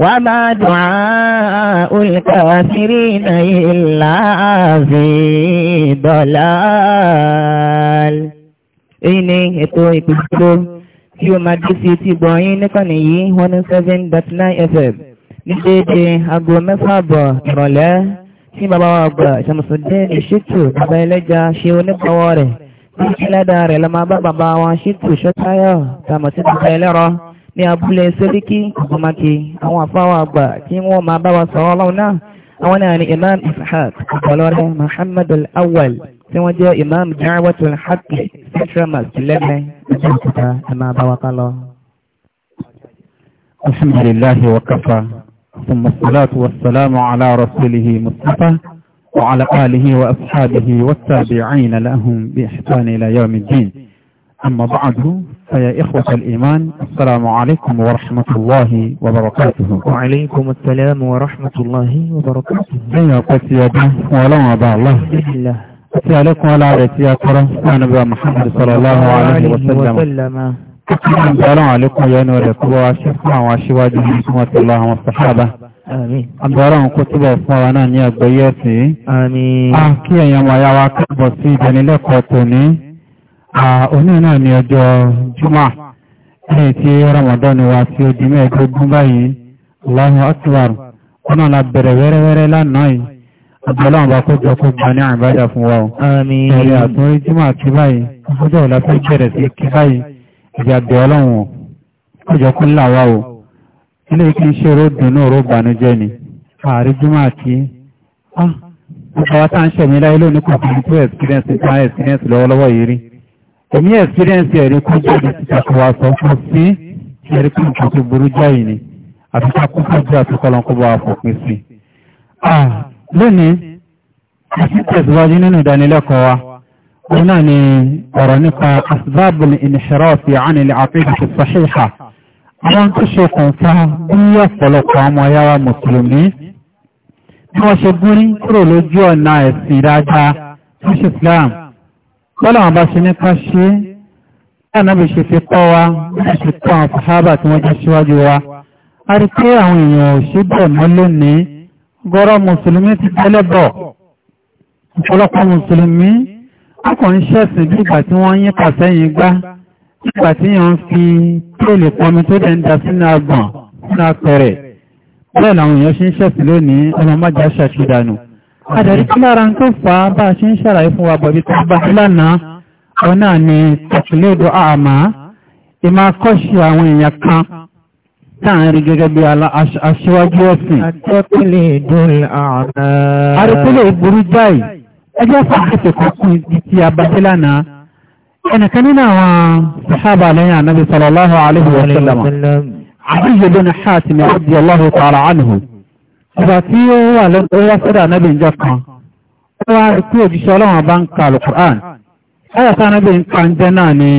وما دعاء الكافرين إلا في ضلال èyí ni ètò ìpìsìtò tí ó máa dé sí ti gbọ̀nyìn níkànnì yìí 107.9 FM ní déédé aago mẹ́fà àbọ̀ ìrọ̀lẹ́ tí bàbá wa gbà Ṣàmùsùdín Ṣítù bàbá ẹlẹ́jà ṣe onípàwọ́ rẹ̀ tí ìlẹ́dà rẹ̀ lọ máa bá bàbá wa Ṣítù Ṣọ́táyọ̀ tàmọ̀tí bàbá ẹlẹ́rọ ní abúlé sẹ́ríkí ọgbọ̀máke àwọn àfáwà àgbà kí wọ́n máa bá wa sọ̀rọ̀ ọlọ́run náà àwọn náà ni imam ishaq ọ̀pọ̀lọ́rẹ́ muhammad al-awwal tí wọ́n jẹ́ imam da'watul haqq central mosque lẹ́gbẹ́ ìjọba ẹ máa bá wa ká lọ. alhamdulillahi wa kafa thumma salatu wa salamu ala rasulihi mustafa wa ala alihi wa ashabihi wa tabi'ina lahum bi ihsan ila yawmiddin. أما بعد فيا إخوة الإيمان السلام عليكم ورحمة الله وبركاته وعليكم السلام ورحمة الله وبركاته أيها قسيادة ولا أبا الله بسم الله أسألكم على رأيتي أكرا نبي محمد صلى الله عليه وسلم السلام عليكم يا نور الكبوة شفاء وشواج رحمة الله والصحابة Àmín. Àgbàrá òun kó túbọ̀ fún wa náà ní àgbẹ̀yẹ́sì. Àmín. A kí ẹ̀yàn òní náà ni ọjọ́ jùmọ́ ẹni tí Ramadan wa tí ó di mẹ́ẹ̀ẹ́dógún báyìí Allahu Akbar ọ̀nà la bẹ̀rẹ̀ wẹ́rẹ́wẹ́rẹ́ lánàá yìí ọ̀dọ́lọ́wọ́n bá kó jọ kó gba ní àìbájá fún wa ẹ̀rẹ́ àtúnrí jùmọ́ kí báyìí ọjọ́ ọ̀la tó bẹ̀rẹ̀ sí kí báyìí ìjà bẹ̀ ọlọ́run ọjọ́ kún làwa o ilé kí n ṣe oró dùnú oró bànújẹ́ ni ààrí jùmọ́ kí ọjọ́ wa tá ń ṣẹ̀mí láyé lónìí kò kí n tó experience lọ́wọ́lọ́wọ́ yìí rí ẹ̀mí ẹ̀fírẹ́ǹsì ẹ̀rí kú jáde títà kò wá sọ fún sí ẹ̀rí kú nǹkan tó burú jáì ni àfikà kú fọ́jú àfikọ́lọ́nkọ́ bá fòpin sí. lónìí àti tẹ̀síwájú nínú ìdánilẹ́kọ̀ọ́ wa òun náà ni ọ̀rọ̀ nípa asbábùl inhirafi ánilẹ̀ àpéjì sàhíhà àwọn tó ṣokùnfà bí ọ̀pọ̀lọpọ̀ ọmọ ayáwa mùsùlùmí bí wọ́n ṣe gúrí kúrò lójú ọ̀nà ẹ̀sìn dáadáa fún Islam bọ́lá wọn bá ṣe ní ká ṣe láàánábì ṣe fi kọ́ wa láti ṣe kọ́ àwọn fàhábà tí wọ́n jẹ́ síwájú wa a rí pé àwọn èèyàn ò ṣe bẹ̀ mọ́ lónìí gọ́rọ́ mùsùlùmí ti tẹ́lẹ̀ bọ̀ ọ̀pọ̀lọpọ̀ mùsùlùmí akọ̀rin ṣẹ̀sìn bí ìgbà tí wọ́n yípa sẹ́yìn gbá nígbà tí yàn fi tóòlì pọnmi tó dẹ̀ ń da sínú agbọ̀n sínú apẹ̀rẹ̀ bẹ́ẹ̀ làwọn èèyàn ṣe ń ṣẹ̀sìn lónìí ọmọ májá ṣàṣìdànù Àdẹ̀rí tí lára ń tó fà á bá ṣe ń ṣàlàyé fún wa bọ̀bí tó bá lánàá, wọn náà ni tẹ̀kìlédò àmà, ìmá kọ́ṣì àwọn èèyàn kan táàrin gẹ́gẹ́ bí aṣíwájú ọ̀sìn. Àtẹ́kìlédò àmà. Àrẹ́kìlẹ̀ ìgbòrú tí a bá lánàá ọba tí ó wà lọ́wọ́ sọ́dọ̀ anábì ń jọ kan ó wá tí òjíṣẹ́ ọlọ́run bá ń ka alukur'an ayàtọ̀ anábì ń ka ń jẹ́ náà ni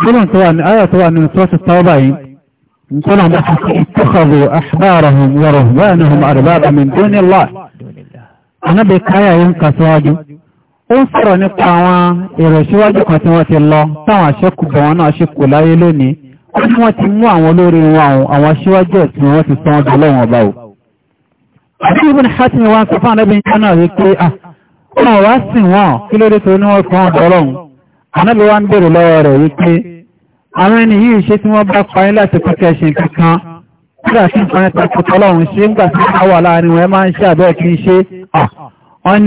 gbọ́dọ̀ wà ní ayàtọ̀ tọ́ọ̀bà yìí ń kà síwájú ó ń sọ̀rọ̀ nípa àwọn wọ́n ti wọ́n ti mú àwọn àdúgbò ibùn hátìmí wọn sọ fún anábì nǹkan náà wípé à wọn wá sìn wọn kí ló dé tó ní wọn fún wọn dọ́rọ̀hún anábì wọn bèrè lọ́wọ́ rẹ̀ wípé àwọn ẹni yìí ṣe tí wọ́n bá parí láti kọ́kẹ́ ṣe kankan kúrò àti nǹkan ẹ̀ta kọ́kọ́ lọ́hùn ṣe ńgbà tí wọ́n wà láàrin wọn máa ń ṣe àbẹ́ kí n ṣe à ah, wọ́n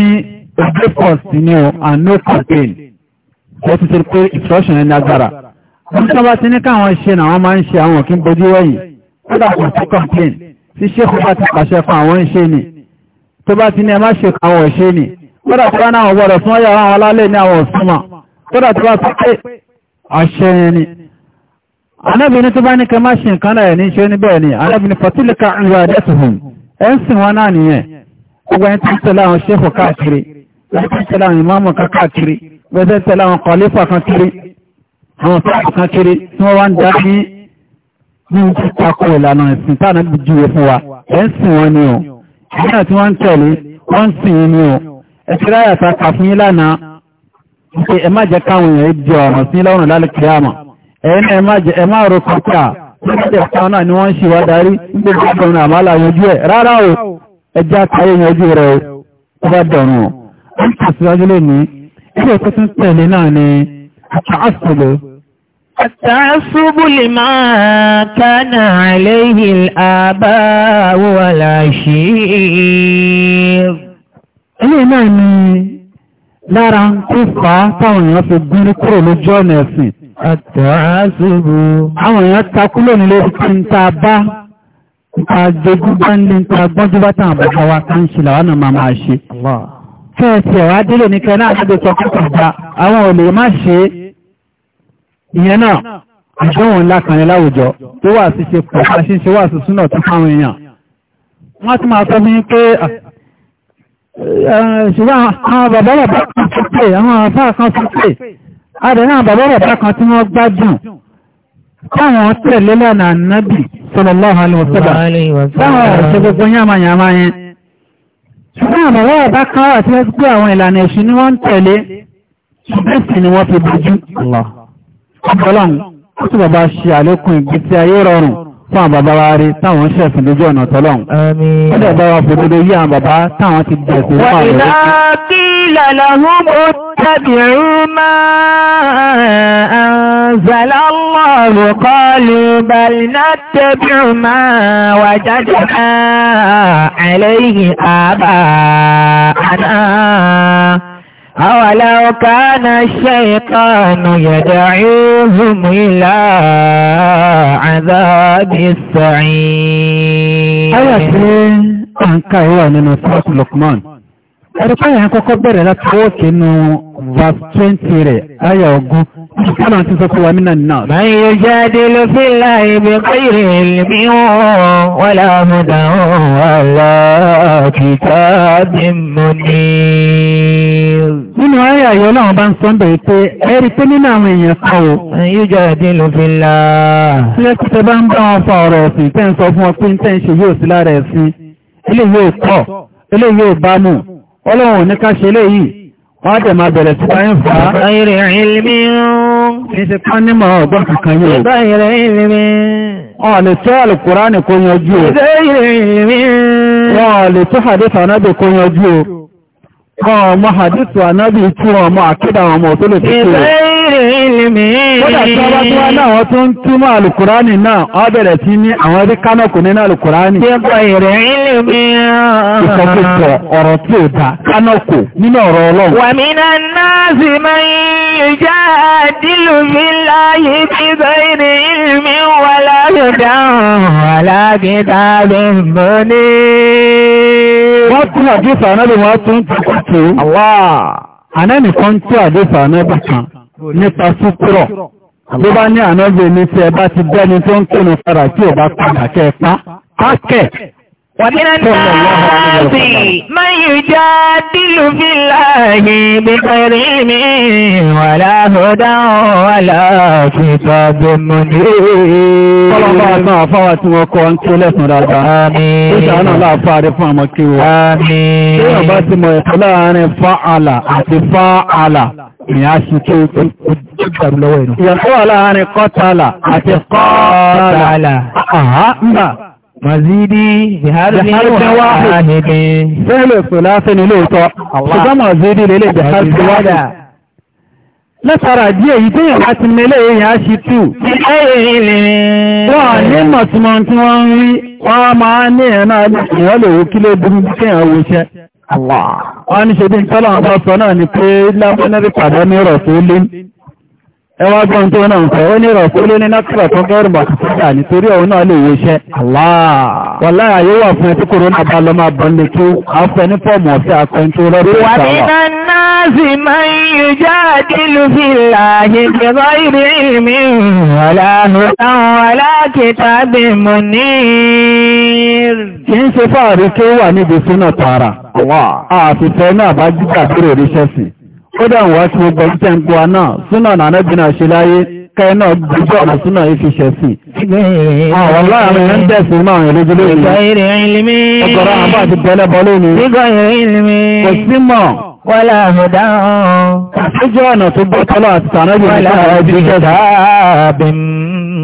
obey first ni o and no campaign wọ́n ti ṣe pé instruction ẹni agbára wọ́n tí wọ́n bá ti ní káwọn ṣe náà wọ́n máa ń ṣe àwọn òkín tí ṣékù bá ti pàṣẹ fún àwọn ìṣe ni tó bá ti ní ẹ má ṣe àwọn ìṣe ni kódà tó bá náà wọ́rọ̀ fún ọyà àwọn alálẹ̀ ní àwọn òsúnmọ̀ kódà tó bá ti pé àṣẹ yẹn ni anábìnrin tó bá ní kẹ má ṣe nǹkan náà ní ṣe ní bẹ́ẹ̀ ni anábìnrin fatilika ìwà ní ń ti takọ ìlànà ìsìn tánà bí jùwe fún wa ẹ̀ ń sìn wọn ni o nígbà tí wọ́n ń tẹ̀lé wọ́n ń sìn yín ni o ẹ ti ráyà ta kà fún yín lánàá pé ẹ má jẹ́ káwọn èèyàn jẹ ọ̀ràn sí lọ́rùn lálẹ́kẹ̀ẹ́ àmọ́ ẹ̀yìn náà ẹ má jẹ́ ẹ má ro kọ́kà lọ́jọ́ kan náà ni wọ́n ń ṣe wá darí nígbà tí o ẹ já káyé yanjú rẹ̀ o o. wọ́n tẹ̀síwájú lónìí ilé ìkọ́tún tẹ̀lé náà التعصب لما كان عليه الآباء والعشير ilé náà ni lára ń kó fà á táwọn èèyàn fi gúrí kúrò lójú ọ̀nà ẹ̀sìn àtàásùbù àwọn èèyàn takú lónìí lórí tí ń ta bá ta jogún bá ń lè ń ta gbọ́njú bá tàn bàbá wa ká ń ṣe làwọn náà máa máa ṣe fẹ́ẹ̀sì ẹ̀wà délé ní kẹ́ náà lágbèsọ kọ́kọ̀ bá àwọn olè má ṣe é ìyẹn náà àdéhùn ńlá kan ní láwùjọ tó wà sí ṣe pọ̀ bá ṣe ń ṣe wà sí súnà tó fáwọn èèyàn wọ́n ti máa sọ fún pé ṣùgbọ́n àwọn bàbá bàbá kan tó pè àwọn àfá kan tó pè adẹ̀ náà bàbá bàbá kan tí wọ́n gbádùn táwọn tẹ̀lé lọ́nà nábì sallallahu alaihi wasallam táwọn ọ̀ṣẹ́ gbogbo yàmàyàmá yẹn ṣùgbọ́n àwọn bàbá bàbá kan wà tí wọ́n gbé àwọn ìlànà ẹ̀ṣin ni wọ́n tẹ̀lé ṣùgbẹ́sì ni wọ́n fi bójú ọlọ́run ó sì bàbá ṣe àlékún ìgbésí ayé rọrùn fún àwọn wa rí táwọn ṣẹ̀fìn lójú ọ̀nà tọ́lọ́run ó dẹ̀ bá wa yí àwọn bàbá táwọn ti bẹ̀rẹ̀ أولو كان الشيطان يدعوهم إلى عذاب السعير Ayà tí a ń ká ìwà nínú Sọ́ọ̀tù Lukman. Ẹ̀rùpáyà ń kọ́kọ́ bẹ̀rẹ̀ láti wọ́ọ̀kì nínú verse 20 rẹ̀, ayà ogún. Ìkálà ti sọ fún wa mínà náà. Máa yóò jáde ló fi láì bí kírì ìlmí wọn wà láàmùdà aláàkìtà bí mú ní. Nínú ayé àyọ́ náà bá ń sọ ń bẹ̀rẹ̀ pé ẹ̀rí pé nínú àwọn èèyàn kan o. Yóò jáde ló fi láà. Sílẹ̀ tí bá ń bá wọn fa ọ̀rọ̀ ọ̀sìn tẹ́ ń sọ fún ọ pé tẹ́ ń ṣe yóò sí lára ẹ̀sìn. Eléyìí ò kọ̀, eléyìí ò bá mú, ọlọ́run ò ní ká ṣe eléyìí wọ́n tẹ̀ máa bẹ̀rẹ̀ sí báyìí fà á. Báyìí ilmi ń ṣe kán ní mọ̀ ọgbọ́n kankan yóò. Báyìí ilmi. Wọ́n lè tó Al-Qur'ani kó yanjú o. Báyìí ilmi. Wọ́n lè tó Hadith Ànábì kó yanjú o ọmọ hadithu anábì tí wọn mọ àkídà wọn mọ̀ tó lè fi kúrò. ìbẹ̀rẹ̀ ilmi. kódà tí wọ́n bá tí wọ́n náà wọ́n tún túmọ̀ alukurani náà wọ́n bẹ̀rẹ̀ sí ní àwọn ẹbí kánàkù nínú alukurani. ìbẹ̀rẹ̀ ilmi. ìsọkúsọ ọ̀rọ̀ tí ò dá kánàkù nínú ọ̀rọ̀ ọlọ́run. wa minan nasi man yujadilu fillahi bighayri wọ́n tún àdìsọ anábì tó. Ànẹ́nì kan tí àdéfà ànẹ́bà kan nípa súkúrọ̀. Ló bá ní ànẹ́bà ní tí ẹ bá ti bẹ́ni tó ń kínú fara tí ò bá padà kẹ́ pa. Pákẹ̀ ومن الناس من يجادل في الله بغير ولا هدى ولا كتاب منير Ọlọ́pàá àtàn àfáwà tí wọ́n kọ́ ń kí lẹ́sùn dáadáa. Àmín. Ìṣàánà láàfáàrí fún àmọ́ kí wọ́n. Àmín. Ìyàn bá ti mọ̀ ẹ̀kọ́ láàárín fa'ala àti fa'ala ni a ṣe kí ó jẹ́gbàrú lọ́wọ́ ìnú. Ìyàn Mazidi biharika wahidin. Fẹ́lẹ̀ pè láti ní lóòótọ́, ṣùgbọ́n díẹ̀ yìí tí yẹ̀wá ti mẹ́lẹ̀ èèyàn ṣe tù. Wọ́n ní mọ̀túnmọ̀ tí wọ́n ń rí, wọ́n máa ní ẹ̀nà ìyàn lè wó Wọ́n ní ṣe bí ń tọ́lọ̀ àwọn náà ni pé tó lé. ẹwà gbọ́n tó náà ń fẹ́ ó ní ìrọ̀kú ló ní nákìrà tó gẹ́rù bàtàkìtà nítorí òun náà lè wo iṣẹ́ wàlá ayé wà fún ẹtí kòrónà bá lọ máa bọ́n lè kí afẹ́ ní fọ́ọ̀mù ọ̀fẹ́ akọ́ntó lọ́dún ìgbà wà. wà nínú náà sì máa ń yọjá àdìlú fi láàyè gbẹ̀rọ ìrìn mi bá jígbà kúrò ríṣẹ́ sí kódà wá sí gbogbo tẹ́ ń gbọ́ náà súnà nànà bí náà ṣe láyé kẹ́ náà gbójú ọ̀nà súnà ìfi ṣẹ̀sìn. àwọn láàrin ń tẹ̀sìn máa rìn lójú lónìí. ọgọ́rọ̀ àbá àti bẹ́lẹ́bọ lónìí. kò sí mọ̀. wọ́lá àhùdá ọ̀hún. àtúnjọ́ ọ̀nà tó gbọ́ tọ́lọ́ àti tànábì nípa ọ̀rọ̀ ìjọba.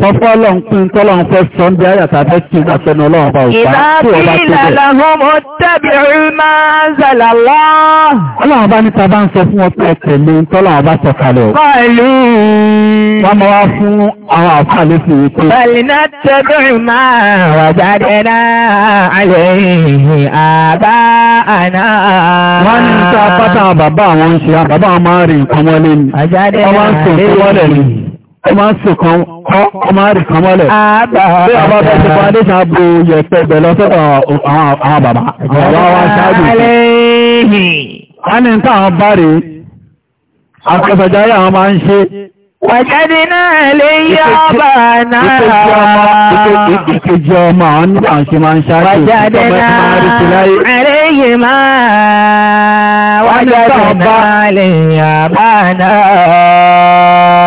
sọ fún ọlọ́run pín tọ́lọ́run fẹ́ sọ ń bí ayàtà fẹ́ kí wọ́n fẹ́nu ọlọ́run bá òpá tí ọba tó bẹ̀. ìlàlọ́mọ tẹ́bí ìrìnmá zàlàlá. ọlọ́run bá níta bá ń sọ fún ọpẹ́ tẹ̀lé tọ́lọ́run bá sọ pẹ̀lú. wọ́n mọ wá fún àwọn àfàlẹ́ ọmọ ń sìn kan kọ́ ọmọ ń kan mọ́lẹ̀. bí a bá fẹ́ ṣe foundation abo yẹ̀pẹ̀ bẹ̀ lọ sọ́dọ̀ àwọn bàbá àwọn wa ṣáájú. náà lè yọ ọba náà. ìkejì ọmọ àwọn nígbà máa ń ṣáájú. wàjáde náà lè yé máa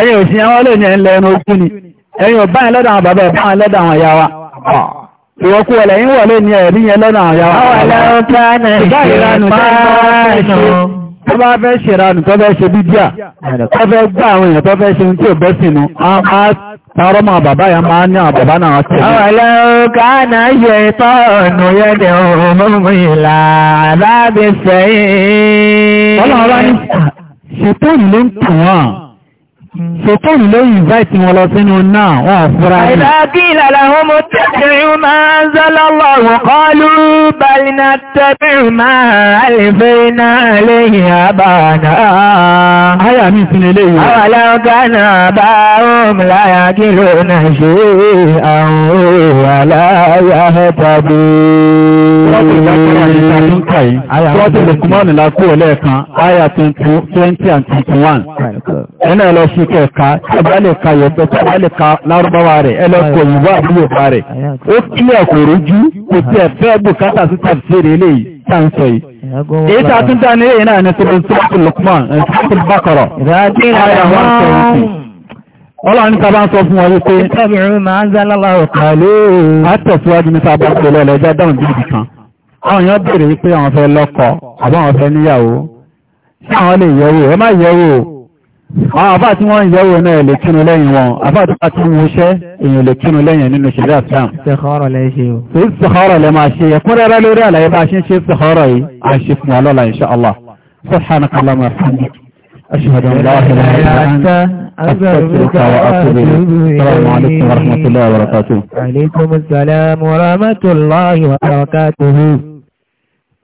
ẹ̀yìn òsì àwọn olóòní ẹ̀ ń lọ ẹnu ni ẹ̀yìn ọ̀bá ẹ̀ lọ́dọ̀ àwọn bàbá ọ̀bá ẹ̀ àwọn ìyá wa ìwọ̀kú ọ̀lẹ̀ yín wọ̀ lóòní ẹ̀rí yẹn lọ́dọ̀ àwọn ìyá wa tó bá ṣe tó ní tàn án. Sọ̀tọ́nù ló invite wọn lọ sínú náà wọn ò fúra ní. Àìdákí ìlàlà wọn mo tẹ́bìrì máa ń zọ́lọ́wọ́ òkọ́lù balina tẹ́bìrì máa lèfẹ́ iná lẹ́yìn àbáàdá. Àyà mi sínú ilé ìwé. Àwọn aláwọ̀gánà bá yìí sọ́ọ́tì lukumani la kú ẹlẹ́ẹ̀kan aya twenty and twenty one ẹnà ẹ lọ sí kẹka ẹbá lè ka yẹtọ ẹbá lè ka lárúbáwá rẹ ẹ lọ kọ ìwọ àbúrò bá rẹ ó kílẹ̀ kò rújú kò sí ẹ̀fẹ́ bùkátà sí tàbísírì eléyìí tá ní èyí ń sọ fún wọn wípé ẹ̀bìnrin máa ń zálálà ọ̀kàlẹ́ àtẹ̀síwájú ní sábà pẹ̀lú ẹlẹ́jẹ́ dáhùn bí ìdìkan àwọn èèyàn bèèrè wípé àwọn fẹ́ lọ́kọ àbáwọn fẹ́ níyàwó sí àwọn lè yẹ̀wò ẹ má yẹ̀wò àwọn àbá tí wọ́n ń yẹ̀wò náà lè kínú lẹ́yìn wọn àbá tó bá ti wọ́n ṣẹ́ èèyàn lè kínú lẹ́yìn nínú ṣẹ̀dá islam sẹ̀kọ́rọ̀ lẹ́ ṣe o sí sẹ̀kọ́rọ̀ lẹ́ máa ṣe ẹ̀kúnrẹ́rẹ́ lórí àlàyé bá ṣe ń ṣe sẹ̀kọ́rọ̀ yìí à ń ṣe fún ọlọ́la insha Allah subhanaka allahumma hamdik ashhadu an la ilaha illa anta astaghfiruka wa atubu ilayk assalamu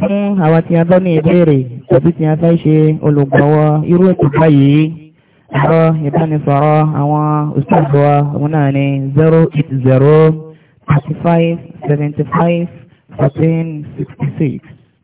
fún àwọn tí a bọ́ ní ìbéèrè tàbí tí a fẹ́ ṣe olùgbọ̀wọ́ irú ètò báyìí ẹ̀rọ ìbánisọ̀rọ̀ àwọn òṣìṣẹ́ àwọn náà ni 080 35 75 14 66